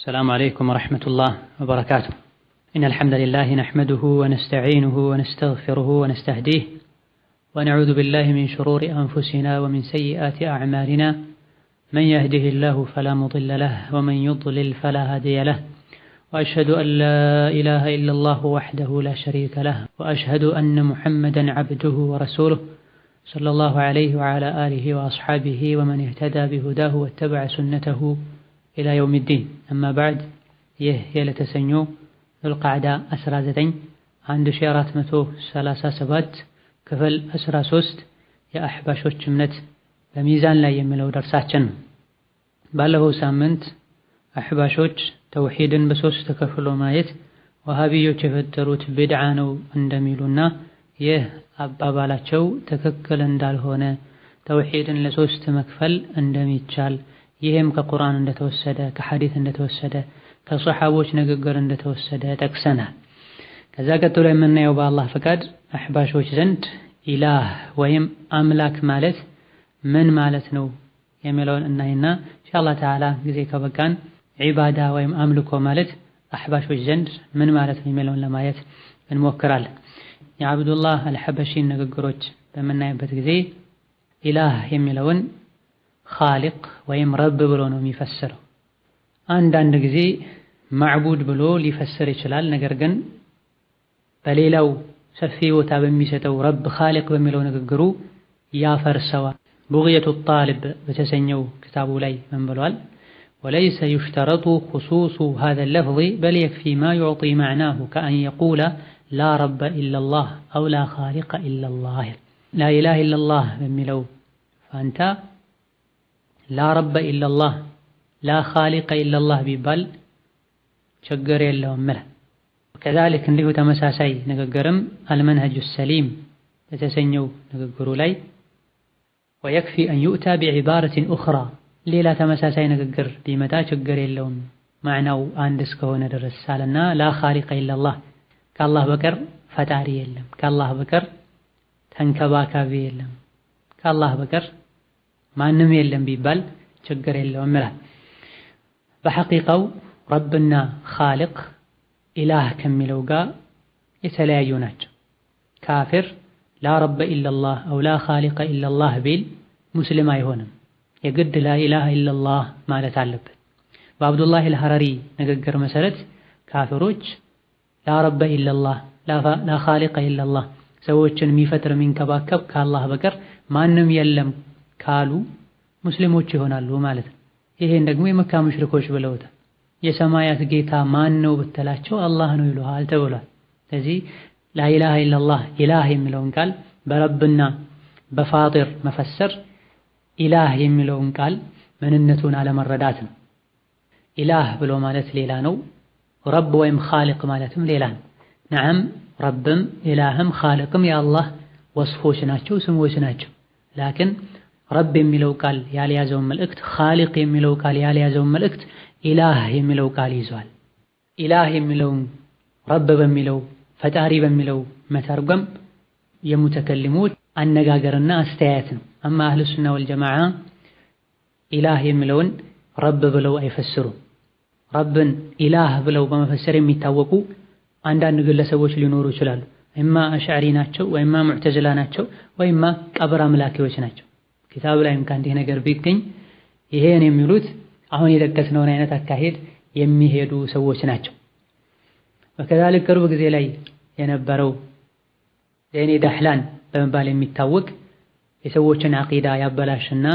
السلام عليكم ورحمة الله وبركاته إن الحمد لله نحمده ونستعينه ونستغفره ونستهديه ونعوذ بالله من شرور أنفسنا ومن سيئات أعمالنا من يهده الله فلا مضل له ومن يضلل فلا هادي له وأشهد أن لا إله إلا الله وحده لا شريك له وأشهد أن محمدا عبده ورسوله صلى الله عليه وعلى آله وأصحابه ومن اهتدى بهداه واتبع سنته ኢላ የውሚዲን አማ ባዕድ ይህ የለተሰኞ ዙልቃዕዳ 19 1437 ክፍል 13 የአሕባሾች እምነት በሚዛን ላይ የሚለው ደርሳችን ባለፈው ሳምንት አሕባሾች ተውሂድን በሶስት ተከፍሎ ማየት ወሃቢዮች የፈጠሩት ቢድዓ ነው እንደሚሉና ይህ አባባላቸው ትክክል እንዳልሆነ ተውሂድን ለሶስት መክፈል እንደሚቻል ይህም ከቁርአን እንደተወሰደ ከሐዲት እንደተወሰደ ከሰሓቦች ንግግር እንደተወሰደ ጠቅሰናል። ከዛ ቀጥሎ የምናየው በአላህ ፈቃድ አሕባሾች ዘንድ ኢላህ ወይም አምላክ ማለት ምን ማለት ነው የሚለውን እናይና ኢንሻአላህ ተዓላ ጊዜ ከበቃን ዒባዳ ወይም አምልኮ ማለት አሕባሾች ዘንድ ምን ማለት ነው የሚለውን ለማየት እንሞክራለን። የዐብዱላህ አልሐበሺን ንግግሮች በምናይበት ጊዜ ኢላህ የሚለውን ኻሊቅ ወይም ረብ ብሎ ነው የሚፈስረው። አንዳንድ ጊዜ ማዕቡድ ብሎ ሊፈስር ይችላል። ነገር ግን በሌላው ሰፊ ቦታ በሚሰጠው ረብ ኻሊቅ በሚለው ንግግሩ ያፈርሰዋል። ቡግየቱ ጣልብ በተሰኘው ክታቡ ላይ ምን ብሏል? ወለይሰ ዩሽተረጡ ኹሱሱ ሃዘ ለፍዚ በል የክፊ ማ ዩዕጢ መዕናሁ ከአን የቁለ ላ ረበ ኢለላህ አው ላ ኻሊቀ ኢለላህ። ላ ኢላህ ኢለላህ በሚለው ፋንታ ላረበ ኢለላህ ላኻሊቀ ኢለላህ ቢባል ችግር የለውም ምለ ከዛልክ እንዲሁ ተመሳሳይ ንግግርም አልመንሀጁ ሰሊም በተሰኘው ንግግሩ ላይ ወየክፊ አን ዩእታ ቢዕባረትን ኡኽራ ሌላ ተመሳሳይ ንግግር ቢመጣ ችግር የለውም ማዕናው አንድ እስከሆነ ድረስ አለና ላኻሊቀ ኢለላህ ከአላህ በቀር ፈጣሪ የለም፣ ከአላህ በቀር ተንከባካቢ የለም፣ ከአላህ በቀር ማንም የለም ቢባል ችግር የለውም ይላል። በሐቂቃው ረብና ኻልቅ ኢላህ ከሚለው ጋር የተለያዩ ናቸው። ካፊር ላ ረበ ኢለላህ አው ላ ኻሊቀ ኢለላህ ቢል ሙስሊም አይሆንም። የግድ ላ ኢላሃ ኢለላህ ማለት አለበት። በአብዱላህ አልሐረሪ ንግግር መሰረት ካፊሮች ላ ረበ ኢለላህ ላ ኻሊቀ ኢለላህ ሰዎችን የሚፈጥር የሚንከባከብ ከአላህ በቀር ማንም የለም ካሉ ሙስሊሞች ይሆናሉ ማለት ነው። ይሄን ደግሞ የመካ ሙሽሪኮች ብለውታል። የሰማያት ጌታ ማን ነው ብትላቸው አላህ ነው ይሉሃል ተብሏል። ስለዚህ ላኢላሃ ኢለላህ ኢላህ የሚለውን ቃል በረብና በፋጢር መፈሰር ኢላህ የሚለውን ቃል ምንነቱን አለመረዳት ነው። ኢላህ ብሎ ማለት ሌላ ነው። ረብ ወይም ኻልቅ ማለትም ሌላ ነው። ነዓም ረብም ኢላህም ኻልቅም የአላህ ወስፎች ናቸው፣ ስሞች ናቸው። ላኪን ረብ የሚለው ቃል ያልያዘውን መልእክት፣ ኻሊቅ የሚለው ቃል ያልያዘውን መልእክት ኢላህ የሚለው ቃል ይዟል። ኢላህ የሚለውን ረብ በሚለው ፈጣሪ በሚለው መተርጎም የሙተከሊሞች አነጋገርና አስተያየት ነው። አማ አህሉ ሱና ወልጀማዓ ኢላህ የሚለውን ረብ ብለው አይፈስሩም። ረብን ኢላህ ብለው በመፈሰር የሚታወቁ አንዳንድ ግለሰቦች ሊኖሩ ይችላሉ። ወይማ አሽዓሪ ናቸው፣ ወይማ ሙዕተዝላ ናቸው፣ ወይማ ቀብር አምላኪዎች ናቸው። ኪታብ ላይ እንኳን ነገር ቢገኝ ይሄን የሚሉት አሁን የጠቀስነውን አይነት አካሄድ የሚሄዱ ሰዎች ናቸው። ወከዛልክ ቅርብ ጊዜ ላይ የነበረው ዘይኔ ዳህላን በመባል የሚታወቅ የሰዎችን አቂዳ ያበላሽና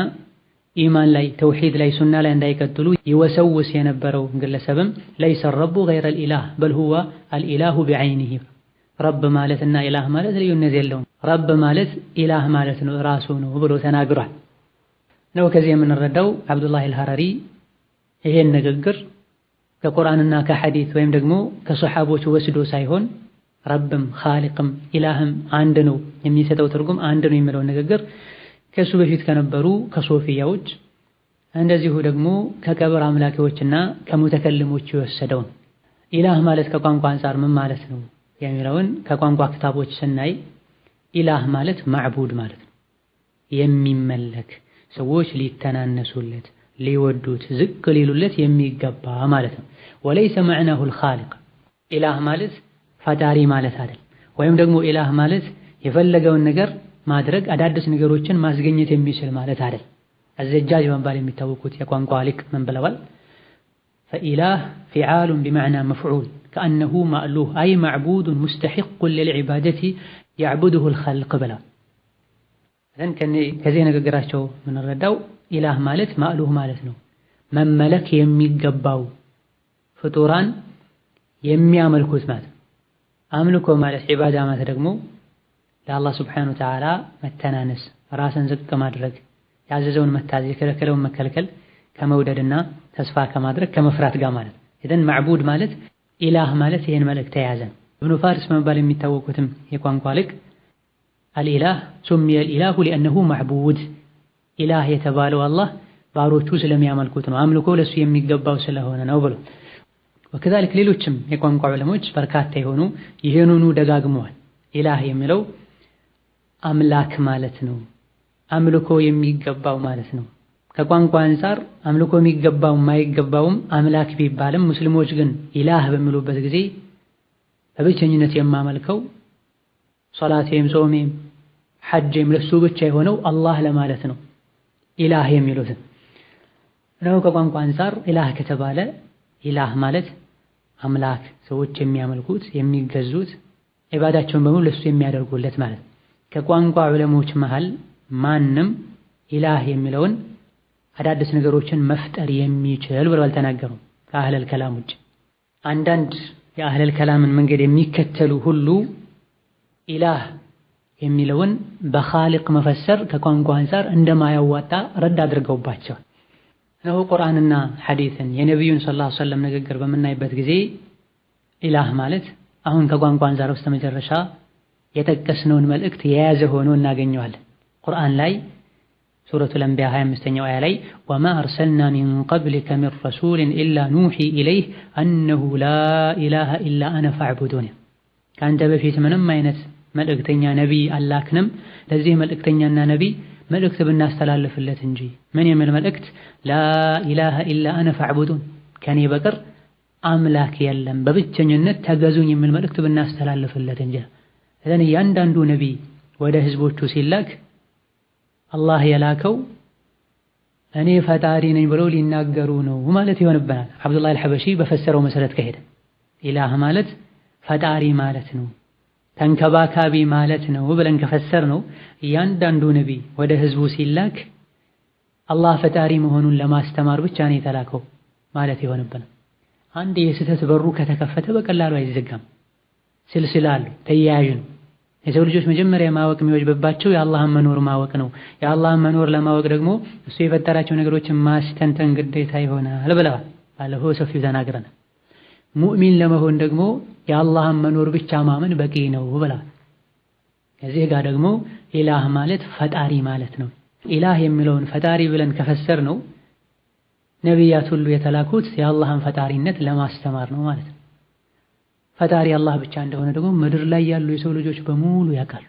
ኢማን ላይ ተውሂድ ላይ ሱና ላይ እንዳይቀጥሉ ይወሰውስ የነበረው ግለሰብም ለይሰ ረቡ ገይረ አልኢላህ በል ሁወ አልኢላሁ ቢዐይኒሂ ረብ ማለትና ኢላህ ማለት ልዩነት የለውም። ረብ ማለት ኢላህ ማለት ነው ራሱ ነው ብሎ ተናግሯል። ነው ከዚህ የምንረዳው አብዱላህ አልሐረሪ ይሄን ንግግር ከቁርአንና ከሐዲት ወይም ደግሞ ከሰሓቦች ወስዶ ሳይሆን ረብም ኻሊቅም ኢላህም አንድ ነው የሚሰጠው ትርጉም አንድ ነው የሚለውን ንግግር ከሱ በፊት ከነበሩ ከሶፊያዎች እንደዚሁ ደግሞ ከቀብር አምላኪዎችና ከሙተከልሞች የወሰደውን ኢላህ ማለት ከቋንቋ አንፃር ምን ማለት ነው የሚለውን ከቋንቋ ክታቦች ስናይ ኢላህ ማለት ማዕቡድ ማለት ነው። የሚመለክ ሰዎች ሊተናነሱለት፣ ሊወዱት፣ ዝቅ ሊሉለት የሚገባ ማለት ነው። ወለይሰ መዕናሁል ኻሊቅ ኢላህ ማለት ፈጣሪ ማለት አይደል። ወይም ደግሞ ኢላህ ማለት የፈለገውን ነገር ማድረግ አዳዲስ ነገሮችን ማስገኘት የሚችል ማለት አይደል። አዘጃጅ በመባል የሚታወቁት የቋንቋ ሊቅ ምን ብለዋል? ፈኢላህ ፊዓሉን ቢመዕና መፍዑል ከአነሁ ማእሉህ አይ ማዕቡዱን ሙስተሒቁን ልልዕባደቲ ያዕቡድሁል ኸልቅ ብላ ከዚህ ንግግራቸው የምንረዳው ኢላህ ማለት ማዕሉህ ማለት ነው። መመለክ የሚገባው ፍጡራን የሚያመልኩት ማለት ነው። አምልኮ ማለት ዒባዳ ማለት ደግሞ ለአላህ ስብሓነሁ ወተዓላ መተናነስ፣ ራስን ዝቅ ማድረግ፣ ያዘዘውን መታዘዝ፣ የከለከለውን መከልከል ከመውደድና ተስፋ ከማድረግ ከመፍራት ጋር ማለት ነው። ኢዘን ማዕቡድ ማለት ኢላህ ማለት ይህን መልእክት የያዘ ነው። እብኑ ፋርስ በመባል የሚታወቁትም የቋንቋ ልቅ አልኢላህ ሱሚየ ልኢላሁ ሊአነሁ ማዕቡድ ኢላህ የተባለው አላህ ባሮቹ ስለሚያመልኩት ነው፣ አምልኮ ለሱ የሚገባው ስለሆነ ነው ብሎ ወከዛልክ ሌሎችም የቋንቋ ዕለሞች በርካታ የሆኑ ይህንኑ ደጋግመዋል። ኢላህ የሚለው አምላክ ማለት ነው፣ አምልኮ የሚገባው ማለት ነው ከቋንቋ አንፃር አምልኮ የሚገባውም የማይገባውም አምላክ ቢባልም ሙስሊሞች ግን ኢላህ በሚሉበት ጊዜ በብቸኝነት የማመልከው ሶላቴም፣ ጾሜም፣ ሐጄም ለሱ ብቻ የሆነው አላህ ለማለት ነው። ኢላህ የሚሉትን ነው። ከቋንቋ አንፃር ኢላህ ከተባለ ኢላህ ማለት አምላክ፣ ሰዎች የሚያመልኩት የሚገዙት፣ ዒባዳቸውን በሙሉ ለሱ የሚያደርጉለት ማለት ነው። ከቋንቋ ዑለሞች መሃል ማንም ኢላህ የሚለውን አዳዲስ ነገሮችን መፍጠር የሚችል ብለው አልተናገሩም። ከአህለል ከላም ውጭ አንዳንድ የአህለል ከላምን መንገድ የሚከተሉ ሁሉ ኢላህ የሚለውን በኻሊቅ መፈሰር ከቋንቋ አንፃር እንደማያዋጣ ረድ አድርገውባቸዋል። እነሆ ቁርአንና ሐዲትን የነቢዩን ሰለላሁ ዐለይሂ ወሰለም ንግግር በምናይበት ጊዜ ኢላህ ማለት አሁን ከቋንቋ አንፃር በስተመጨረሻ የጠቀስነውን መልእክት የያዘ ሆኖ እናገኘዋለን ቁርአን ላይ ሱረቱ አንቢያ 25ኛው አያ ላይ ወማ አርሰልና ሚን ቀብሊከ ሚን ረሱልን ኢላ ኑሂ ኢለይህ አነሁ ላኢላሃ ኢላ አነ ፈዕቡዱን። ከአንተ በፊት ምንም አይነት መልእክተኛ ነቢይ አላክንም፣ ለዚህ መልእክተኛና ነቢይ መልእክት ብናስተላልፍለት እንጂ። ምን የሚል መልእክት? ላኢላሃ ኢላ አነ ፈዕቡዱን፣ ከኔ በቀር አምላክ የለም በብቸኝነት ተገዙኝ የሚል መልእክት ብናስተላልፍለት እንጂ። እያንዳንዱ ነቢይ ወደ ህዝቦቹ ሲላክ አላህ የላከው እኔ ፈጣሪ ነኝ ብለው ሊናገሩ ነው ማለት ይሆንብናል። አብዱላህ አልሐበሺ በፈሰረው መሰረት ከሄደ ኢላህ ማለት ፈጣሪ ማለት ነው፣ ተንከባካቢ ማለት ነው ብለን ከፈሰር ነው እያንዳንዱ ነቢይ ወደ ህዝቡ ሲላክ አላህ ፈጣሪ መሆኑን ለማስተማር ብቻ ነው የተላከው ማለት ይሆንብናል። አንድ የስህተት በሩ ከተከፈተ በቀላሉ አይዘጋም። ስልስላ አለው፣ ተያያዥ ነው። የሰው ልጆች መጀመሪያ ማወቅ የሚወጅበባቸው የአላህን መኖር ማወቅ ነው። የአላህን መኖር ለማወቅ ደግሞ እሱ የፈጠራቸው ነገሮችን ማስተንተን ግዴታ ይሆናል ብለዋል። ባለፈው ሰፊው ተናግረናል። ሙእሚን ለመሆን ደግሞ የአላህን መኖር ብቻ ማመን በቂ ነው ብለዋል። ከዚህ ጋር ደግሞ ኢላህ ማለት ፈጣሪ ማለት ነው። ኢላህ የሚለውን ፈጣሪ ብለን ከፈሰር ነው ነቢያት ሁሉ የተላኩት የአላህን ፈጣሪነት ለማስተማር ነው ማለት ነው። ፈጣሪ አላህ ብቻ እንደሆነ ደግሞ ምድር ላይ ያሉ የሰው ልጆች በሙሉ ያውቃሉ።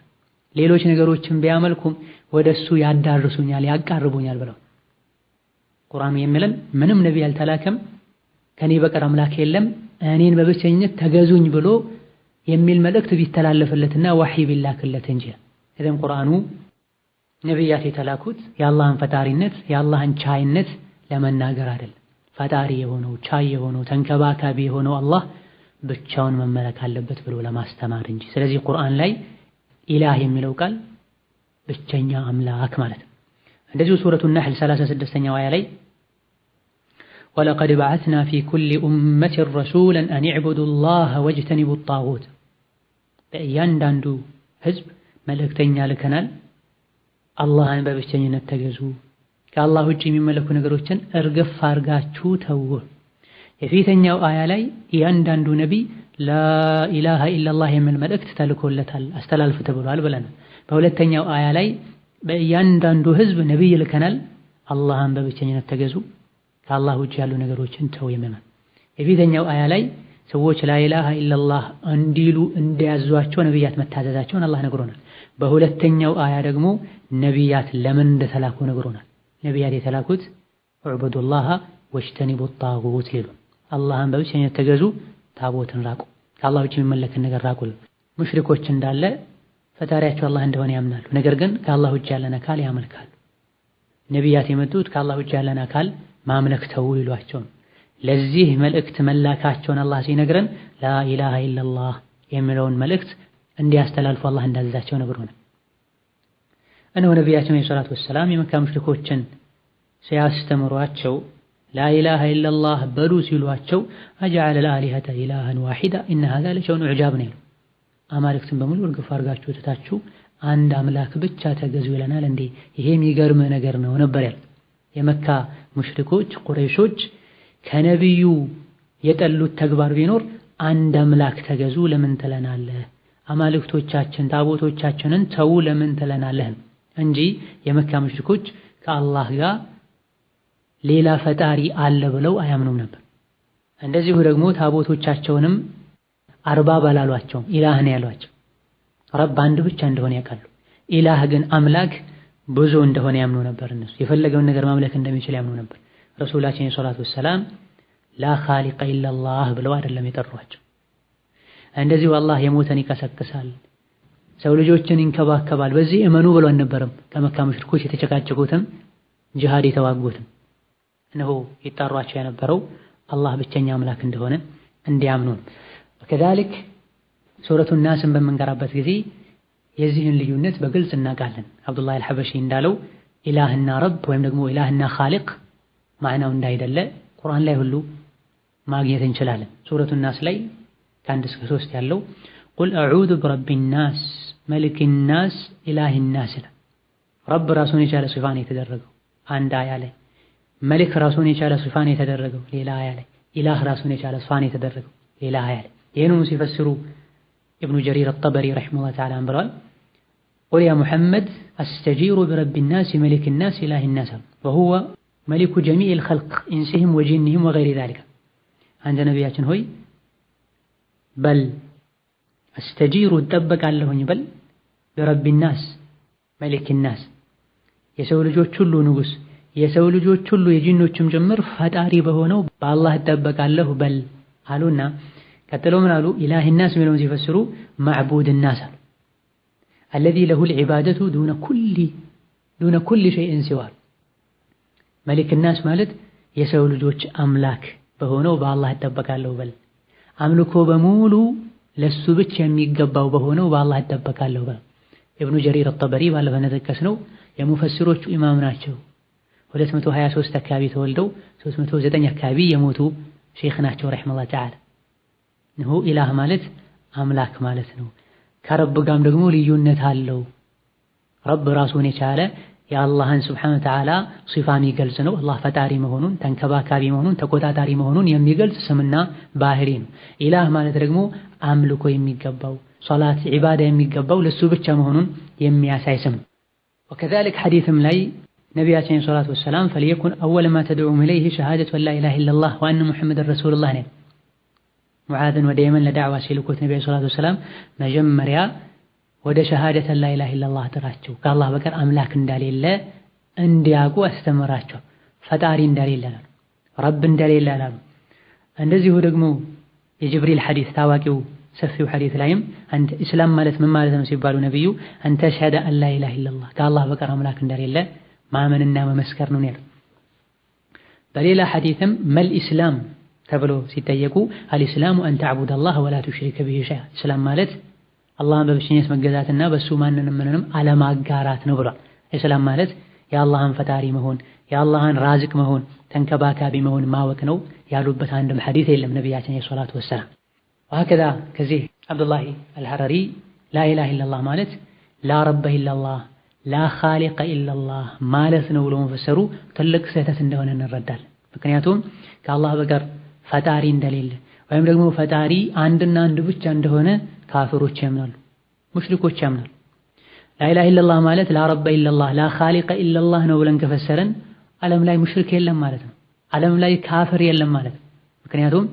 ሌሎች ነገሮችን ቢያመልኩም ወደ እሱ ያዳርሱኛል፣ ያቃርቡኛል ብለው ቁርአኑ የሚለን ምንም ነቢይ አልተላከም ከኔ በቀር አምላክ የለም እኔን በብቸኝነት ተገዙኝ ብሎ የሚል መልእክት ቢተላለፍለትና ዋሂ ቢላክለት እንጂ እዚም ቁርአኑ ነቢያት የተላኩት የአላህን ፈጣሪነት የአላህን ቻይነት ለመናገር አይደል። ፈጣሪ የሆነው ቻይ የሆነው ተንከባካቢ የሆነው አላህ ብቻውን መመለክ አለበት ብሎ ለማስተማር እንጂ። ስለዚህ ቁርአን ላይ ኢላህ የሚለው ቃል ብቸኛ አምላክ ማለት ነው። እንደዚሁ ሱረቱ ነህል 36ኛው አያ ላይ ወለቀድ በዓትና ፊ ኩሊ ኡመትን ረሱለን አን ዕቡዱ ላህ ወጅተኒቡ ጣዖት፣ በእያንዳንዱ ህዝብ መልእክተኛ ልከናል፣ አላህን በብቸኝነት ተገዙ፣ ከአላህ ውጭ የሚመለኩ ነገሮችን እርግፍ አርጋችሁ ተው የፊተኛው አያ ላይ እያንዳንዱ ነቢይ ላኢላሃ ኢለላህ የሚል መልእክት ተልኮለታል አስተላልፉ ተብሏል ብለናል። በሁለተኛው አያ ላይ በእያንዳንዱ ህዝብ ነቢይ ይልከናል፣ አላህን በብቸኝነት ተገዙ፣ ከአላህ ውጭ ያሉ ነገሮችን ተው የሚመን የፊተኛው አያ ላይ ሰዎች ላኢላሃ ኢለላህ እንዲሉ እንዲያዟቸው ነቢያት መታዘዛቸውን አላህ ነግሮናል። በሁለተኛው አያ ደግሞ ነቢያት ለምን እንደተላኩ ነግሮናል። ነቢያት የተላኩት ዕቡዱላሃ ወጅተኒቡ ጣጉት ሊሉን አላህን በብቸኝነት ተገዙ፣ ታቦትን ራቁ፣ ከአላህ ውጭ የሚመለክን ነገር ራቁ። ሙሽሪኮች እንዳለ ፈጣሪያቸው አላህ እንደሆነ ያምናሉ። ነገር ግን ከአላህ ውጭ ያለን አካል ያመልካሉ። ነቢያት የመጡት ከአላህ ውጭ ያለን አካል ማምለክ ተው ይሏቸው። ለዚህ መልእክት መላካቸውን አላህ ሲነግረን ላኢላሃ ኢለላህ የሚለውን መልእክት እንዲያስተላልፉ አላህ እንዳዘዛቸው ነበር። እነሆ ነቢያችን ሰላቱ ወሰላም የመካ ሙሽሪኮችን ሲያስተምሯቸው ላኢላሃ ኢለላህ በሉ ሲሏቸው አጀዐለ ለአሊሀተ ኢላሃን ዋሂዳ ኢነ ሀዛ ለሸእኑ ዕጃብ ነው ያሉ። አማልክትን በሙሉ እርግፍ አድርጋችሁ ትታችሁ አንድ አምላክ ብቻ ተገዙ ይለናል እንዴ? ይሄ የሚገርም ነገር ነው ነበር ያሉ የመካ ሙሽሪኮች ቁረይሾች ከነቢዩ የጠሉት ተግባር ቢኖር አንድ አምላክ ተገዙ ለምን ትለናለህ? አማልክቶቻችን ታቦቶቻችንን ተዉ ለምን ትለናለህ እንጂ የመካ ሙሽሪኮች ከአላህ ጋር ሌላ ፈጣሪ አለ ብለው አያምኑም ነበር። እንደዚሁ ደግሞ ታቦቶቻቸውንም አርባ ባላሏቸው ኢላህ ነው ያሏቸው። ረብ አንድ ብቻ እንደሆነ ያውቃሉ። ኢላህ ግን አምላክ ብዙ እንደሆነ ያምኑ ነበር። እነሱ የፈለገውን ነገር ማምለክ እንደሚችል ያምኑ ነበር። ረሱላችን ሰላቱ ወሰላም ላ ኻሊቀ ኢለላህ ብለው አይደለም የጠሯቸው። እንደዚሁ አላህ የሞተን ይቀሰቅሳል፣ ሰው ልጆችን ይንከባከባል፣ በዚህ እመኑ ብሎ አልነበረም። ከመካ ሙሽሪኮች የተጨቃጨቁትም ጅሃድ የተዋጉትም እነሆ ይጣሯቸው የነበረው አላህ ብቸኛ አምላክ እንደሆነ እንዲያምኑ ከዛልክ ሱረቱ ናስን በምንቀራበት ጊዜ የዚህን ልዩነት በግልጽ እናውቃለን። አብዱላህ አልሐበሺ እንዳለው ኢላህና ረብ ወይም ደግሞ ኢላህና ኻሊቅ ማዕናው እንዳይደለ ቁርአን ላይ ሁሉ ማግኘት እንችላለን። ሱረቱ ናስ ላይ ከአንድ እስከ ሶስት ያለው ቁል አዑዙ ብረቢ ናስ መልክ ናስ ኢላህ ናስ ረብ ራሱን የቻለ ሲፋ የተደረገው አንድ አያ ላይ መሊክ ራሱን የቻለ ሱፋን የተደረገው ሌላ አያ ላይ ኢላህ ራሱን የቻለ ሱፋን የተደረገው ሌላ አያ ላይ ይህንኑ ሲፈስሩ ኢብኑ ጀሪር አጠበሪ ረሒመሁላህ ተዓላ ብለዋል ቁል ያ ሙሐመድ አስተጂሩ ቢረቢ ናስ መሊክ ናስ ኢላህ ናስ ወሁወ መሊኩ ጀሚዕ ልኸልቅ ኢንሲህም ወጂንህም ወገይሪ ዛሊከ አንተ ነቢያችን ሆይ በል አስተጂሩ እጠበቃለሁኝ በል ቢረቢ ናስ መሊክ ናስ የሰው ልጆች ሁሉ ንጉሥ የሰው ልጆች ሁሉ የጂኖችም ጭምር ፈጣሪ በሆነው በአላህ እጠበቃለሁ በል አሉና ቀጥለው ምን አሉ? ኢላህ ናስ የሚለውን ሲፈስሩ ማዕቡድ ናስ አሉ። አለዚ ለሁል ዒባደቱ ዱነ ኩሊ ሸይእን ሲዋል መሊክ ናስ ማለት የሰው ልጆች አምላክ በሆነው በአላህ እጠበቃለሁ በል አምልኮ በሙሉ ለሱ ብቻ የሚገባው በሆነው በአላህ እጠበቃለሁ በል። ኢብኑ ጀሪር አጠበሪ ባለፈው እንደጠቀስነው የሙፈስሮቹ ኢማም ናቸው። 223 አካባቢ ተወልደው 309 አካባቢ የሞቱ ሼክ ናቸው ረሂመሁላህ ተዓላ። እንሆ ኢላህ ማለት አምላክ ማለት ነው። ከረብ ጋም ደግሞ ልዩነት አለው። ረብ ራሱን የቻለ የአላህን ስብሓነሁ ወተዓላ ሲፋ የሚገልጽ ነው። አላህ ፈጣሪ መሆኑን፣ ተንከባካቢ መሆኑን፣ ተቆጣጣሪ መሆኑን የሚገልጽ ስምና ባህሪ ነው። ኢላህ ማለት ደግሞ አምልኮ የሚገባው ሶላት፣ ዒባዳ የሚገባው ለሱ ብቻ መሆኑን የሚያሳይ ስም ወከዛሊክ ሐዲትም ላይ نبي عليه الصلاة والسلام فليكن أول ما تدعوهم إليه شهادة أن لا إله إلا الله وأن محمد رسول الله نيم معاذ وديمن لدعوة سيلكوت نبي عليه الصلاة والسلام مجمريا ወደ ሸሃደተ ላኢላህ ኢላላህ ጥራቸው ከአላህ በቀር አምላክ እንደሌለ እንዲያውቁ አስተምራቸው። ፈጣሪ እንደሌለ አላሉ፣ ረብ እንደሌለ አላሉ። እንደዚሁ ደግሞ የጅብሪል ሐዲስ ታዋቂው ሰፊው ሐዲስ ላይም አንተ እስላም ማለት ምን ማለት ነው ሲባሉ ነብዩ አንተ ሸሃደ አላህ ኢላህ ኢላላህ ከአላህ በቀር አምላክ እንደሌለ ማመንና መመስከር ነው ያለው። በሌላ ሐዲትም መል ኢስላም ተብሎ ሲጠየቁ አልኢስላሙ አን ተዕቡደላህ ወላ ቱሽሪከ ቢሂ ሸይአ ኢስላም ማለት አላህን በብቸኝነት መገዛትና በእሱ ማንንም ምንንም አለማጋራት ነው ብሏል። ኢስላም ማለት የአላህን ፈጣሪ መሆን የአላህን ራዝቅ መሆን ተንከባካቢ መሆን ማወቅ ነው ያሉበት አንድም ሐዲት የለም ነቢያችን ዐለይሂ ወሰላም። ወሀከዛ ከዚህ አብዱላሂ አልሐረሪ ላኢላሃ ኢለላህ ማለት ላ ረበ ኢለላህ ላኻሊቀ ኢለላህ ማለት ነው ብሎ መፈሰሩ ትልቅ ስህተት እንደሆነ እንረዳለን። ምክንያቱም ከአላህ በቀር ፈጣሪ እንደሌለ ወይም ደግሞ ፈጣሪ አንድና አንድ ብቻ እንደሆነ ካፍሮች ያምናሉ፣ ሙሽሪኮች ያምናሉ። ላኢላህ ኢለላህ ማለት ላረበ ኢለላህ ላኻሊቀ ኢለላህ ነው ብለን ከፈሰረን ዓለም ላይ ሙሽሪክ የለም ማለት ነው። ዓለም ላይ ካፍር የለም ማለት ነው። ምክንያቱም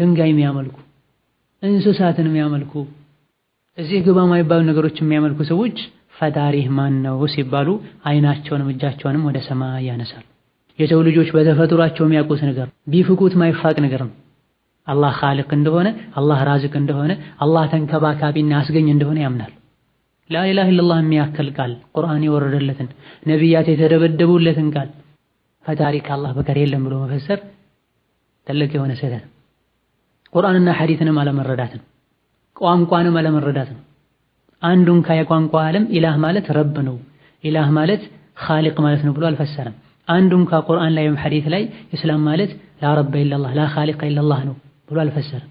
ድንጋይ የሚያመልኩ እንስሳትን የሚያመልኩ እዚህ ግባ የማይባሉ ነገሮች የሚያመልኩ ሰዎች ፈጣሪህ ማን ነው ሲባሉ አይናቸውንም እጃቸውንም ወደ ሰማይ ያነሳሉ የሰው ልጆች በተፈጥሯቸው የሚያውቁት ነገር ቢፍቁት ማይፋቅ ነገር ነው። አላህ ኻልቅ እንደሆነ፣ አላህ ራዝቅ እንደሆነ፣ አላህ ተንከባካቢና አስገኝ እንደሆነ ያምናል። ላኢላሃ ኢለላህ የሚያክል ቃል ቁርአን የወረደለትን ነቢያት የተደበደቡለትን ቃል ፈጣሪ ከአላህ በቀር የለም ብሎ መፈሰር ትልቅ የሆነ ስህተት ነው። ቁርአንና ሐዲትንም አለመረዳት ቋንቋንም አለመረዳት ነው። አንዱን ከየቋንቋ ዓለም ኢላህ ማለት ረብ ነው፣ ኢላህ ማለት ኻሊቅ ማለት ነው ብሎ አልፈሰረም። አንዱን ከቁርአን ላይ ወይም ሐዲት ላይ እስላም ማለት ላ ረበ ኢላላህ ላ ኻሊቀ ኢላላህ ነው ብሎ አልፈሰረም።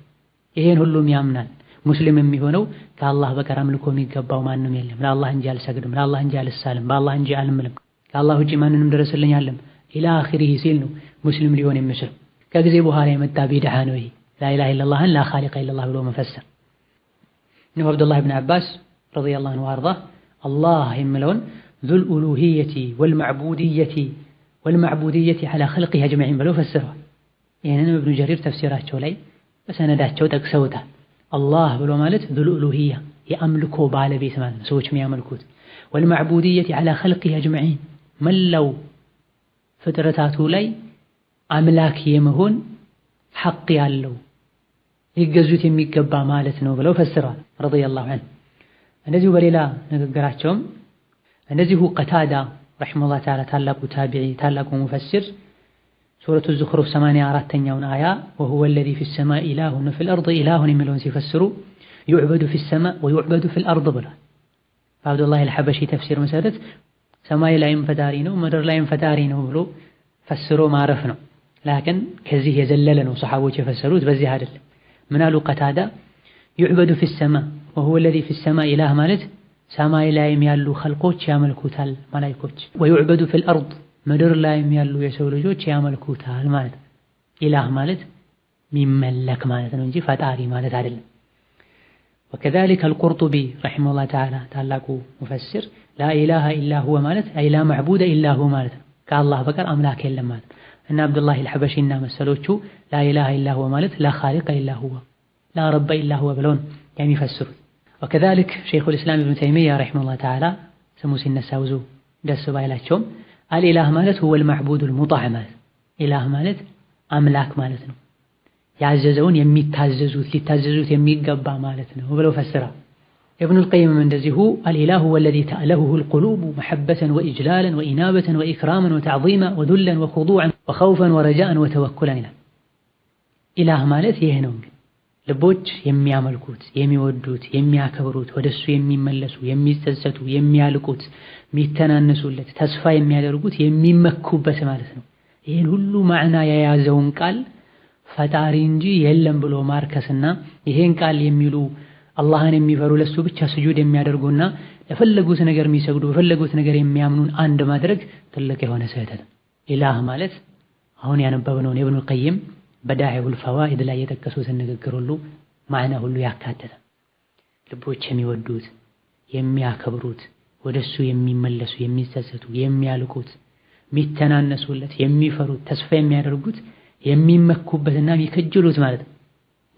ይሄን ሁሉም ያምናል። ሙስሊም የሚሆነው ከአላህ በቀር አምልኮ የሚገባው ማንም የለም፣ ለአላህ እንጂ አልሰግድም፣ ለአላህ እንጂ አልሳልም፣ በአላህ እንጂ አልምልም፣ ከአላህ ውጪ ማንንም ድረስልኝ አለም ኢላ አኺሪህ ሲል ነው ሙስሊም ሊሆን የሚችል። ከጊዜ በኋላ የመጣ ቢድዓ ነው ይሄ ላ ኢላሃ ኢለላህን ላ ኻሊቀ ኢላላህ ብሎ መፈሰር ነው። አብዱላህ ብን አባስ رضي الله عنه وارضاه الله يملون ذو الألوهية والمعبودية والمعبودية على خلقها جميعين بلو فسرها يعني أنا ابن جرير تفسيرات شولي بس أنا دات شودك سوتا الله بلو مالت ذو الألوهية يأملكو بالبيت مالت سوش مياه ملكوت والمعبودية على خلقها جميعين መላው ፍጥረታቱ لي أملاك يمهون ሐቅ ያለው يقزوتي የሚገባ مالت ነው ብለው رضي الله عنه እንደዚሁ በሌላ ንግግራቸውም እንደዚሁ ቀታዳ ረሒመሁላህ ተዓላ ታላቁ ታቢዒ ታላቁ ሙፈሲር ሱረቱ ዙኽሩፍ 84ኛውን አያ ወሁወ ለዚ ፊ ሰማኢ ኢላሁን ወፊል አርድ ኢላሁን የሚለውን ሲፈስሩ ዩዕበዱ ፊ ሰማእ ወዩዕበዱ ፊል አርድ ብሏል። በአብዱላህ አልሐበሺ ተፍሲር መሰረት ሰማይ ላይም ፈጣሪ ነው፣ ምድር ላይም ፈጣሪ ነው ብሎ ፈስሮ ማረፍ ነው። ላኪን ከዚህ የዘለለ ነው። ሰሓቦች የፈሰሩት በዚህ አይደለም። ምናሉ ቀታዳ ዩዕበዱ ፊ ሰማእ وهو الذي في السماء إله مالت سماء لا يميالو خلقوش يا ملكوتال ملايكوش ويعبد في الأرض مدر لا يميالو يسولجوش يا ملكوتال مالت إله مالت من ملك مالت ننجي فتاري مالت عدل وكذلك القرطبي رحمه الله تعالى تعلقوا مفسر لا إله إلا هو مالت أي لا معبود إلا هو مالت كالله بكر أم لا إلا مالت أن عبد الله الحبشي إنما سلوتشو لا إله إلا هو مالت لا خالق إلا هو لا رب إلا هو بلون يعني فسرت وكذلك شيخ الإسلام ابن تيمية رحمه الله تعالى سموس النساوزو دس بايلاتشوم الإله مالت هو المعبود المطاع مالت إله مالت أملاك مالتنا يعززون يمي تعززوت لتعززوت يمي قبع مالتنا وبلو فسرا ابن القيم من دزه الإله هو الذي تألهه القلوب محبة وإجلالا وإنابة وإكراما وتعظيما وذلا وخضوعا وخوفا ورجاء وتوكلا إله مالت يهنون ልቦች የሚያመልኩት የሚወዱት የሚያከብሩት ወደሱ የሚመለሱ የሚጸጸቱ የሚያልቁት የሚተናነሱለት ተስፋ የሚያደርጉት የሚመኩበት ማለት ነው። ይህን ሁሉ ማዕና የያዘውን ቃል ፈጣሪ እንጂ የለም ብሎ ማርከስና ይሄን ቃል የሚሉ አላህን የሚፈሩ ለሱ ብቻ ስጁድ የሚያደርጉና ለፈለጉት ነገር የሚሰግዱ በፈለጉት ነገር የሚያምኑን አንድ ማድረግ ትልቅ የሆነ ስህተት ኢላህ ማለት አሁን ያነበብነውን የብኑል ቀይም በዳዒውል ፈዋኢድ ላይ የጠቀሱትን ንግግር ሁሉ ማዕና ሁሉ ያካተተ ልቦች የሚወዱት የሚያከብሩት ወደሱ የሚመለሱ የሚጸጸቱ የሚያልቁት የሚተናነሱለት የሚፈሩት ተስፋ የሚያደርጉት የሚመኩበትና የሚከጅሉት ማለት ነው።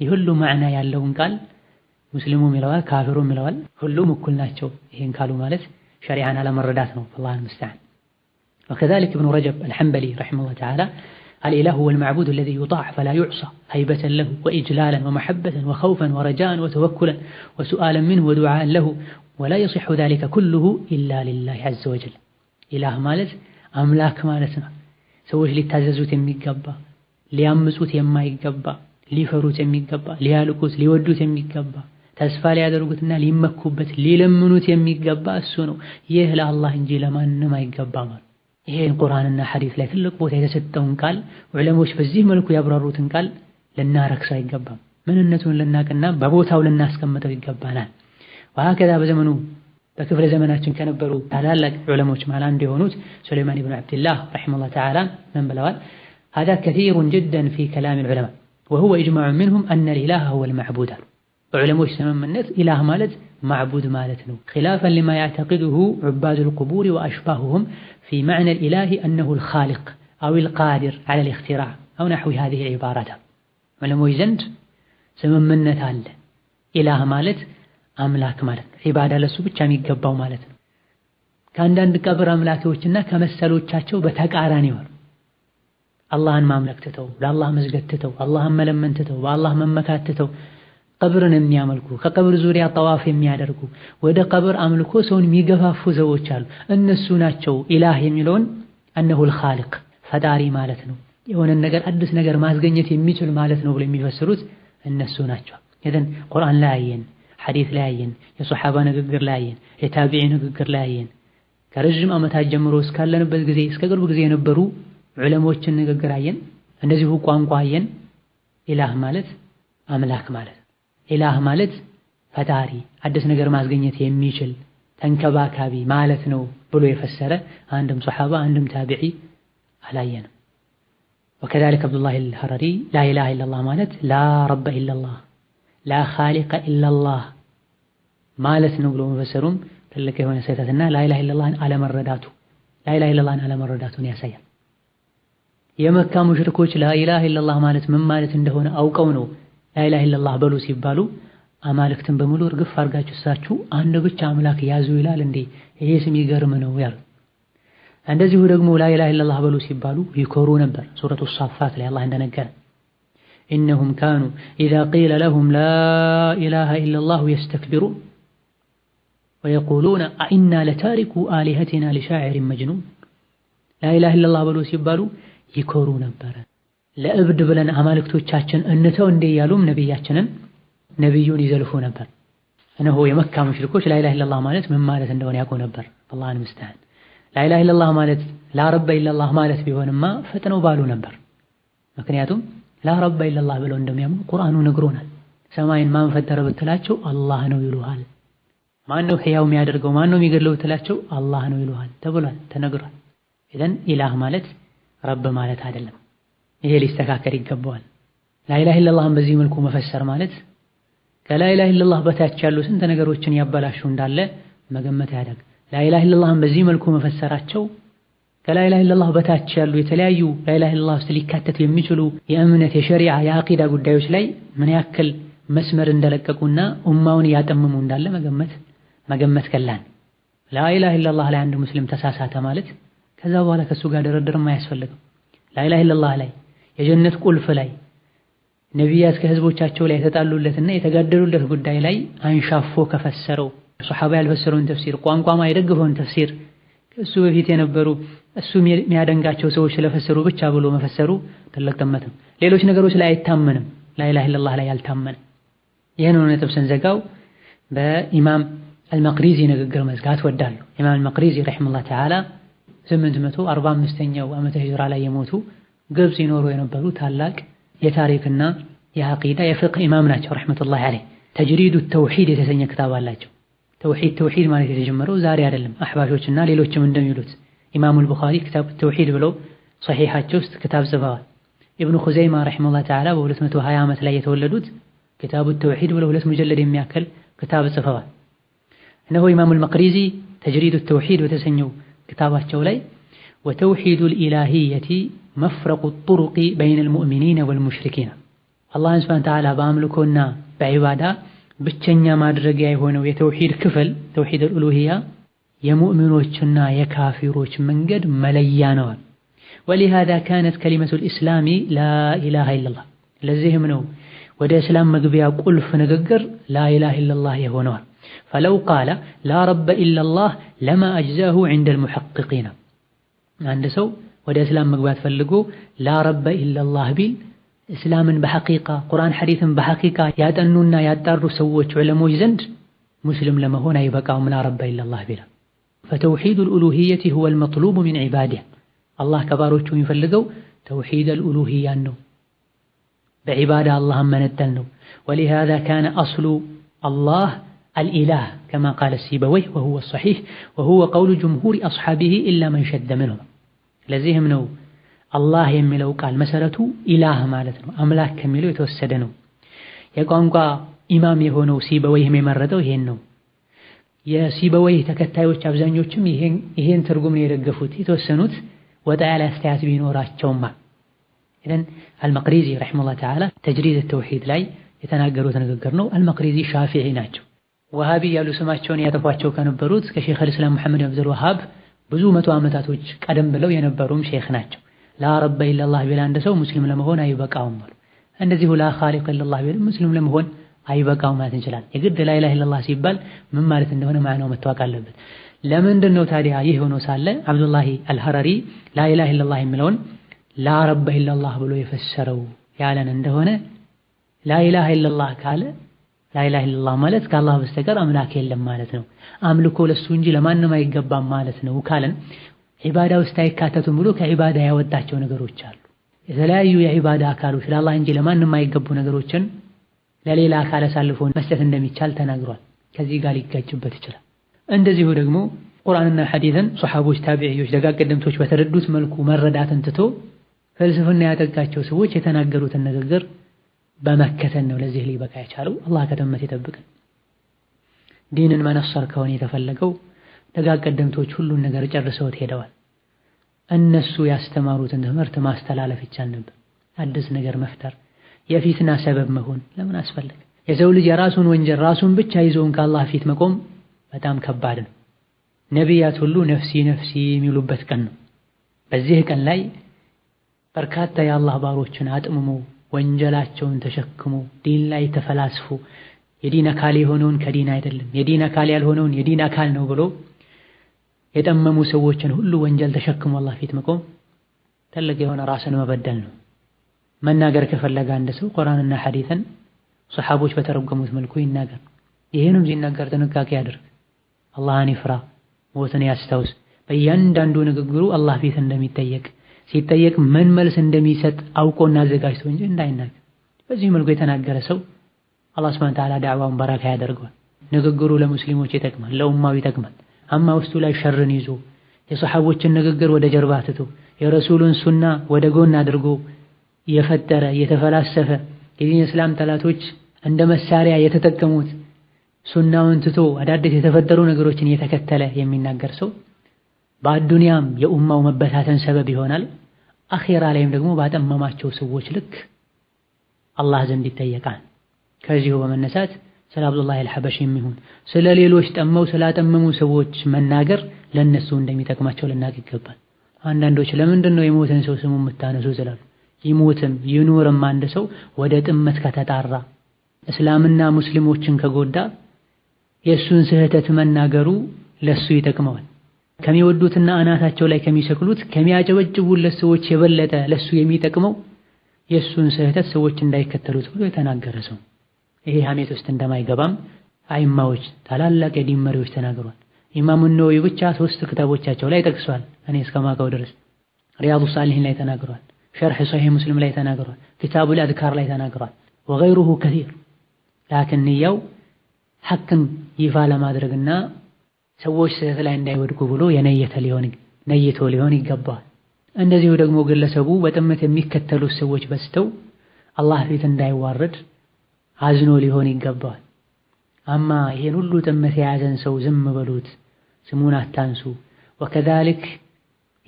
ይህ ሁሉ ማዕና ያለውን ቃል ሙስሊሙም ይለዋል፣ ካፊሩም ይለዋል። ሁሉም እኩል ናቸው። ይሄን ካሉ ማለት ሸሪዓን አለመረዳት ነው። አላህ ሙስተዓን ወከዛሊክ ኢብኑ ረጀብ አልሐንበሊ ረሒመሁላህ ተዓላ الإله هو المعبود الذي يطاع فلا يعصى هيبة له وإجلالا ومحبة وخوفا ورجاء وتوكلا وسؤالا منه ودعاء له ولا يصح ذلك كله إلا لله عز وجل إله مالت أملاك مالتنا لي لي سويش لتززوت يميقبا لي يما يقبا ليفروت يميقبا ليالكوت ليودوت يميقبا تسفى ليادرقوتنا ليمكوبت ليلمنوت يميقبا السنو يهلا الله انجي لما نما يقبا مالت ይሄ ቁርአንና ሐዲስ ላይ ትልቅ ቦታ የተሰጠውን ቃል ዑለሞች በዚህ መልኩ ያብራሩትን ቃል ልናረክሰው አይገባም። ምንነቱን ልናቅና በቦታው ልናስቀምጠው ይገባናል። ወሀከዛ በዘመኑ በክፍለ ዘመናችን ከነበሩ ታላላቅ ዑለሞች መሃል አንዱ የሆኑት ሱለይማን ኢብኑ ዐብድላህ ረሒመሁላህ ተዓላ ምን ብለዋል? ሀዛ ከሲሩን ጅደን ፊ ከላሚ ዑለማ ወሁወ ኢጅማዑ ሚንሁም አነ ልኢላህ ሁወል መዕቡድ አሉ በዑለሞች ስምምነት ኢላህ ማለት ማዕቡድ ማለት ነው። ኺላፈን ሊማ ያዕተቂዱሁ ዑባዱል ቁቡር ወአሽባሁሁም ፊ መዕነል ኢላሂ አነሁል ኻሊቅ አዊል ቃዲር ዐለል ኢኽቲራዕ አው ናሕዊ ሃዚሂል ዒባራት ዑለሞች ዘንድ ስምምነት አለ። ኢላህ ማለት አምላክ ማለት ነው። ዒባዳ ለሱ ብቻ የሚገባው ማለት ነው። ከአንዳንድ ቀብር አምላኪዎችና ከመሰሎቻቸው በተቃራኒ ሆኖ አላህን ማምለክ ትተው፣ ለአላህ መስገድ ትተው፣ አላህን መለመን ትተው፣ በአላህ መመካት ትተው ቀብርን የሚያመልኩ ከቀብር ዙሪያ ጠዋፍ የሚያደርጉ ወደ ቀብር አምልኮ ሰውን የሚገፋፉ ሰዎች አሉ። እነሱ ናቸው ኢላህ የሚለውን አነሁል ኻሊቅ ፈጣሪ ማለት ነው የሆነ ነገር አዲስ ነገር ማስገኘት የሚችል ማለት ነው ብሎ የሚፈስሩት እነሱ ናቸው። የዘን ቁርአን ላይ አየን፣ ሐዲስ ላይ አየን፣ የሶሓባ ንግግር ላይ አየን፣ የታቢዒ ንግግር ላይ አየን። ከረዥም ዓመታት ጀምሮ እስካለንበት ጊዜ እስከ ቅርብ ጊዜ የነበሩ ዑለሞችን ንግግር አየን። እንደዚሁ ቋንቋ አየን። ኢላህ ማለት አምላክ ማለት ኢላህ ማለት ፈጣሪ አዲስ ነገር ማስገኘት የሚችል ተንከባካቢ ማለት ነው ብሎ የፈሰረ አንድም ሰሓባ አንድም ታቢዒ አላየንም። ወከዛሊክ አብዱላህ አልሐረሪ ላ ኢለላህ ማለት ላ ረበ ኢለላህ ላ ኻሊቀ ኢለላህ ማለት ነው ብሎ መፈሰሩም ትልቅ የሆነ ስህተትና ላ ኢላሃ ኢለላህን አለመረዳቱ ላ ኢለላህን አለመረዳቱን ያሳያል። የመካ ሙሽሪኮች ላኢላሃ ኢላሃ ኢለላህ ማለት ምን ማለት እንደሆነ አውቀው ነው ላኢላሃ ኢለላህ በሉ ሲባሉ አማልክትን በሙሉ እርግፍ አድርጋችሁ እሳችሁ አንድ ብቻ አምላክ ያዙ ይላል እንዴ? ይሄ ስም ይገርም ነው ያሉ። እንደዚሁ ደግሞ ላኢላሃ ኢለላህ በሉ ሲባሉ ይኮሩ ነበር። ሱረቱ ሳፋት ላይ አላህ እንደነገረ ኢነሁም ካኑ ኢዛ ቂለ ለሁም ላኢላሃ ኢለላሁ የስተክቢሩን ወየቁሉነ አኢና ለታሪኩ አሊሀቲና ሊሻዒሪን መጅኑን ላኢላሃ ኢለላህ በሉ ሲባሉ ይኮሩ ነበረ። ለእብድ ብለን አማልክቶቻችን እንተው እንዴ እያሉም ነቢያችንን ነቢዩን ይዘልፉ ነበር። እነሆ የመካ ሙሽሪኮች ላኢላሀ ኢለላህ ማለት ምን ማለት እንደሆነ ያውቁ ነበር። አላህን ምስተን ላኢላሀ ኢለላህ ማለት ላረበ ኢለላህ ማለት ቢሆንማ ፈጥነው ባሉ ነበር። ምክንያቱም ላረበ ኢለላህ ብለው እንደሚያምኑ ቁርአኑ ነግሮናል። ሰማይን ማን ፈጠረ ብትላቸው አላህ ነው ይሉሃል። ማን ነው ሕያው የሚያደርገው ማን ነው የሚገድለው ብትላቸው አላህ ነው ይሉሃል ተብሏል፣ ተነግሯል። ኢዘን ኢላህ ማለት ረብ ማለት አይደለም። ይሄ ሊስተካከል ይገባዋል። ላኢላሃ ኢለላህን በዚህ መልኩ መፈሰር ማለት ከላኢላሃ ኢለላህ በታች ያሉ ስንት ነገሮችን ያበላሹ እንዳለ መገመት ያደርግ። ላኢላሃ ኢለላህን በዚህ መልኩ መፈሰራቸው ከላኢላሃ ኢለላህ በታች ያሉ የተለያዩ ላኢላሃ ኢለላህ ውስጥ ሊካተት የሚችሉ የእምነት፣ የሸሪዓ፣ የአቂዳ ጉዳዮች ላይ ምን ያክል መስመር እንደለቀቁና ኡማውን እያጠመሙ እንዳለ መገመት መገመት ቀላል። ላኢላሃ ኢለላህ ላይ አንድ ሙስሊም ተሳሳተ ማለት ከዛ በኋላ ከሱ ጋር ድርድርም አያስፈልግም። ላኢላሃ ኢለላህ ላይ የጀነት ቁልፍ ላይ ነቢያት ከህዝቦቻቸው ላይ የተጣሉለትና የተጋደሉለት ጉዳይ ላይ አንሻፎ ከፈሰረው ሶሐባ ያልፈሰረውን ተፍሲር ቋንቋ የደግፈውን ተፍሲር ከእሱ በፊት የነበሩ እሱ የሚያደንቃቸው ሰዎች ስለፈሰሩ ብቻ ብሎ መፈሰሩ ትልቅ ጥመት ነው። ሌሎች ነገሮች ላይ አይታመንም። ላኢላሃ ኢለላህ ላይ ያልታመነ ይህን ሆነ ነጥብ ስንዘጋው በኢማም አልመቅሪዚ ንግግር መዝጋት ወዳለሁ። ኢማም አልመቅሪዚ ረሒመሁላህ ተዓላ 845ኛው ዓመተ ሂጅራ ላይ የሞቱ ግብጽ ይኖሩ የነበሩ ታላቅ የታሪክና የአቂዳ የፍቅህ ኢማም ናቸው ረሕመቱላሂ ዐለይህ። ተጅሪዱ ተውሂድ የተሰኘ ክታብ አላቸው። ተውሂድ ተውሂድ ማለት የተጀመረው ዛሬ አይደለም። አሕባሾችና ሌሎችም እንደሚሉት ኢማሙል ቡኻሪ ክታብ ተውሂድ ብለው ሰሒሓቸው ውስጥ ክታብ ጽፈዋል። ኢብኑ ኹዘይማ ረሒመሁላህ ተዓላ በ220 ዓመት ላይ የተወለዱት ክታቡ ተውሂድ ብለው ሁለት ሙጀለድ የሚያክል ክታብ ጽፈዋል። እነሆ ኢማሙል መቅሪዚ ተጅሪዱ ተውሂድ በተሰኘው ክታባቸው ላይ ወተውሂዱል ኢላሂየቲ مفرق الطرق بين المؤمنين والمشركين الله سبحانه وتعالى باملكونا بعبادة بچنيا ما درقيا هنا ويتوحيد كفل توحيد الألوهية يا يمؤمنو يا يكافرو من قد مليانو ولهذا كانت كلمة الإسلام لا إله إلا الله لزيه نو ودى إسلام مقبيا قل فنققر لا إله إلا الله يهونو فلو قال لا رب إلا الله لما أجزاه عند المحققين عند سو ወደ እስላም መግባት ፈልጎ ላ ረበ ኢላላህ ቢል እስላምን በሐቂቃ ቁርአን ሐዲስን በሐቂቃ ያጠኑና ያጣሩ ሰዎች ዑለሞች ዘንድ ሙስሊም ለመሆን አይበቃውም። ላ ረበ ኢላላህ ቢላ ፈተውሒዱል ኡሉሂየቲ ሁወል መጥሉቡ ሚን ዒባዲህ አላህ ከባሮቹ የሚፈልገው ተውሒደል ኡሉሂያን ነው። በዒባዳ አላህን መነጠል ነው። ወሊሃዛ ካነ አስሉ አላህ አልኢላህ ከማ ቃለ ሲበወይህ ወሁወ ሰሒሕ ወሁወ ቀውሉ ጅምሁሪ አስሓቢሂ ኢላ መን ሸደ ምንሁም ለዚህም ነው አላህ የሚለው ቃል መሰረቱ ኢላህ ማለት ነው። አምላክ ከሚለው የተወሰደ ነው። የቋንቋ ኢማም የሆነው ሲበወይህም የመረጠው ይሄን ነው። የሲበወይህ ተከታዮች አብዛኞችም ይሄን ትርጉም ነው የደገፉት። የተወሰኑት ወጣ ያለ አስተያየት ቢኖራቸውማ ኢደን አልመቅሪዚ ረሂመሁላህ ተዓላ ተጅሪድ ተውሂድ ላይ የተናገሩት ንግግር ነው። አልመቅሪዚ ሻፊዒ ናቸው። ወሃቢ ያሉ ስማቸውን ያጠፏቸው ከነበሩት ከሼኹል ኢስላም ሙሐመድ አብዱል ወሃብ ብዙ መቶ ዓመታቶች ቀደም ብለው የነበሩም ሼክ ናቸው። ላ ረበ ኢላላህ ቢል አንድ ሰው ሙስሊም ለመሆን አይበቃውም አሉ። እንደዚሁ ላ ኻሊቅ ኢላላህ ቢል ሙስሊም ለመሆን አይበቃውም ማለት እንችላለን። የግድ ላ ኢላሃ ኢላላህ ሲባል ምን ማለት እንደሆነ ማዕናው መታወቅ አለበት። ለምንድን ነው ታዲያ ይህ ሆኖ ሳለ አብዱላሂ አልሐረሪ ላ ኢላሃ ኢላላህ የሚለውን ላ ረበ ኢላላህ ብሎ የፈሰረው ያለን እንደሆነ ላ ኢላሃ ኢላላህ ካለ ላኢላሃ ኢለላህ ማለት ከአላህ በስተቀር አምላክ የለም ማለት ነው። አምልኮ ለሱ እንጂ ለማንም አይገባም ማለት ነው ካለን ዒባዳ ውስጥ አይካተቱም ብሎ ከዒባዳ ያወጣቸው ነገሮች አሉ። የተለያዩ የዒባዳ አካሎች ለአላህ እንጂ ለማንም አይገቡ ነገሮችን ለሌላ አካል አሳልፎ መስጠት እንደሚቻል ተናግሯል። ከዚህ ጋር ሊጋጭበት ይችላል። እንደዚሁ ደግሞ ቁርአንና ሐዲትን ሶሐቦች፣ ታቢዕዮች፣ ደጋግ ቀደምቶች በተረዱት መልኩ መረዳትን ትቶ ፍልስፍና ያጠቃቸው ሰዎች የተናገሩትን ንግግር በመከተን ነው ለዚህ ሊበቃ የቻለው። አላህ ከተመት ይጠብቀን። ዲንን መነሰር ከሆነ የተፈለገው ደጋግ ቀደምቶች ሁሉን ነገር ጨርሰውት ሄደዋል። እነሱ ያስተማሩትን ትምህርት ማስተላለፍ ይቻል ነበር። አዲስ ነገር መፍጠር፣ የፊትና ሰበብ መሆን ለምን አስፈለገ? የሰው ልጅ የራሱን ወንጀል ራሱን ብቻ ይዞውን ከአላህ ፊት መቆም በጣም ከባድ ነው። ነቢያት ሁሉ ነፍሲ ነፍሲ የሚሉበት ቀን ነው። በዚህ ቀን ላይ በርካታ የአላህ ባሮችን አጥምሞ ወንጀላቸውን ተሸክሞ ዲን ላይ ተፈላስፎ የዲን አካል የሆነውን ከዲን አይደለም የዲን አካል ያልሆነውን የዲን አካል ነው ብሎ የጠመሙ ሰዎችን ሁሉ ወንጀል ተሸክሞ አላህ ፊት መቆም ትልቅ የሆነ ራስን መበደል ነው። መናገር ከፈለገ አንድ ሰው ቁርአንና ሐዲትን ሰሓቦች በተረጎሙት መልኩ ይናገር። ይህንም ሲናገር ጥንቃቄ ያድርግ። አላህን ይፍራ፣ ሞትን ያስታውስ። በእያንዳንዱ ንግግሩ አላህ ፊት እንደሚጠየቅ ሲጠየቅ ምን መልስ እንደሚሰጥ አውቆና አዘጋጅቶ እንጂ እንዳይናገር። በዚህ መልኩ የተናገረ ሰው አላህ ሱብሓነሁ ወተዓላ ዳዕዋውን በረካ ያደርገዋል። ንግግሩ ለሙስሊሞች ይጠቅማል፣ ለኡማው ይጠቅማል። አማ ውስጡ ላይ ሸርን ይዞ የሰሓቦችን ንግግር ወደ ጀርባ ትቶ የረሱሉን ሱና ወደ ጎን አድርጎ የፈጠረ የተፈላሰፈ የዲን እስላም ጠላቶች እንደ መሳሪያ የተጠቀሙት ሱናውን ትቶ አዳዲስ የተፈጠሩ ነገሮችን እየተከተለ የሚናገር ሰው በአዱንያም የኡማው መበታተን ሰበብ ይሆናል። አኼራ ላይም ደግሞ ባጠመማቸው ሰዎች ልክ አላህ ዘንድ ይጠየቃል። ከዚሁ በመነሳት ስለ አብዱላህ አልሐበሽ የሚሆን ስለ ሌሎች ጠመው ስላጠመሙ ሰዎች መናገር ለነሱ እንደሚጠቅማቸው ልናቅ ይገባል። አንዳንዶች ለምንድን ነው የሞተን ሰው ስሙ የምታነሱ ስላሉ፣ ይሞትም ይኑርም አንድ ሰው ወደ ጥመት ከተጣራ እስላምና ሙስሊሞችን ከጎዳ የእሱን ስህተት መናገሩ ለሱ ይጠቅመዋል። ከሚወዱትና አናታቸው ላይ ከሚሰቅሉት ከሚያጨበጭቡለት ሰዎች የበለጠ ለሱ የሚጠቅመው የሱን ስህተት ሰዎች እንዳይከተሉት ብሎ የተናገረ ሰው ይሄ ሐሜት ውስጥ እንደማይገባም አይማዎች ታላላቅ የዲን መሪዎች ተናግሯል። ኢማሙ ነወዊ ብቻ ሶስት ክታቦቻቸው ላይ ጠቅሷል። እኔ እስከማውቀው ድረስ ሪያዱ ሳሊሂን ላይ ተናግሯል። ሸርሕ ሶሂህ ሙስሊም ላይ ተናግሯል። ኪታቡል አድካር ላይ ተናግሯል። ወገይሩሁ ከሲር ላክን ንያው ሐቅን ይፋ ለማድረግና ሰዎች ስህተት ላይ እንዳይወድቁ ብሎ የነየተ ሊሆን ነይቶ ሊሆን ይገባል። እንደዚሁ ደግሞ ግለሰቡ በጥመት የሚከተሉት ሰዎች በስተው አላህ ፊት እንዳይዋረድ አዝኖ ሊሆን ይገባል። አማ ይሄን ሁሉ ጥመት የያዘን ሰው ዝም በሉት፣ ስሙን አታንሱ፣ ወከዛሊክ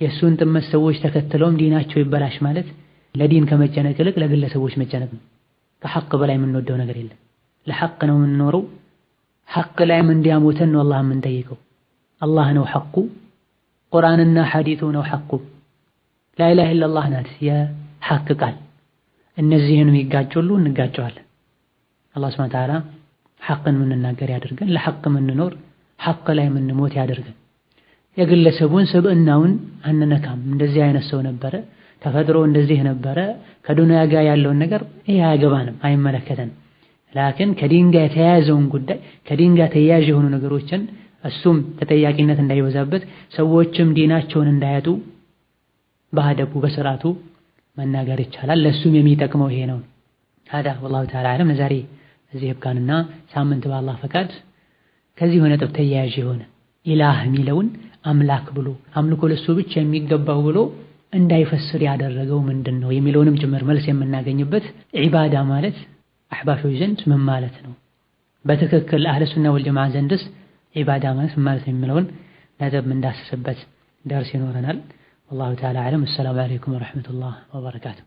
የእሱን ጥመት ሰዎች ተከትለውም ዲናቸው ይበላሽ ማለት ለዲን ከመጨነቅ ይልቅ ለግለሰቦች መጨነቅ ነው። ከሐቅ በላይ የምንወደው ነገር የለም። ለሐቅ ነው የምንኖረው። ሐቅ ላይም እንዲያሞተን ነው አላህ የምንጠይቀው። አላህ ነው ሐቁ፣ ቁርአንና ሐዲቱ ነው ሐቁ፣ ላኢላሃ ኢለላህ ናት የሐቅ ቃል። እነዚህን የሚጋጭ እንጋጨዋለን። አላህ ሱብሓነሁ ወተዓላ ሐቅን የምንናገር ያደርገን፣ ለሐቅ የምንኖር ሐቅ ላይ የምንሞት ያደርገን። የግለሰቡን ስብዕናውን አንነካም። እንደዚህ አይነት ሰው ነበረ፣ ተፈጥሮ እንደዚህ ነበረ፣ ከዱንያ ጋር ያለውን ነገር ይህ አያገባንም፣ አይመለከተንም ላክን ከዲን ጋር የተያያዘውን ጉዳይ ከዲን ጋር ተያያዥ የሆኑ ነገሮችን እሱም ተጠያቂነት እንዳይበዛበት ሰዎችም ዲናቸውን እንዳያጡ በአደቡ በስርዓቱ መናገር ይቻላል። ለእሱም የሚጠቅመው ይሄ ነው። ሀዳ ወላሁ ተዓላ አዕለም። ለዛሬ እዚህ እብቃንና ሳምንት በአላህ ፈቃድ ከዚህ የሆነ ጥብ ተያያዥ የሆነ ኢላህ የሚለውን አምላክ ብሎ አምልኮ ለሱ ብቻ የሚገባው ብሎ እንዳይፈስር ያደረገው ምንድን ነው የሚለውንም ጭምር መልስ የምናገኝበት ዒባዳ ማለት አሕባሾች ዘንድ ምን ማለት ነው፣ በትክክል አህለ ሱና ወልጀማዓ ዘንድስ ዒባዳ ማለት ምን ማለት ነው የሚለውን ነጥብ እንዳስስበት ደርስ ይኖረናል። ወላሁ ተዓላ አዕለም። አሰላሙ ዓለይኩም ወረሕመቱላህ ወበረካቱ።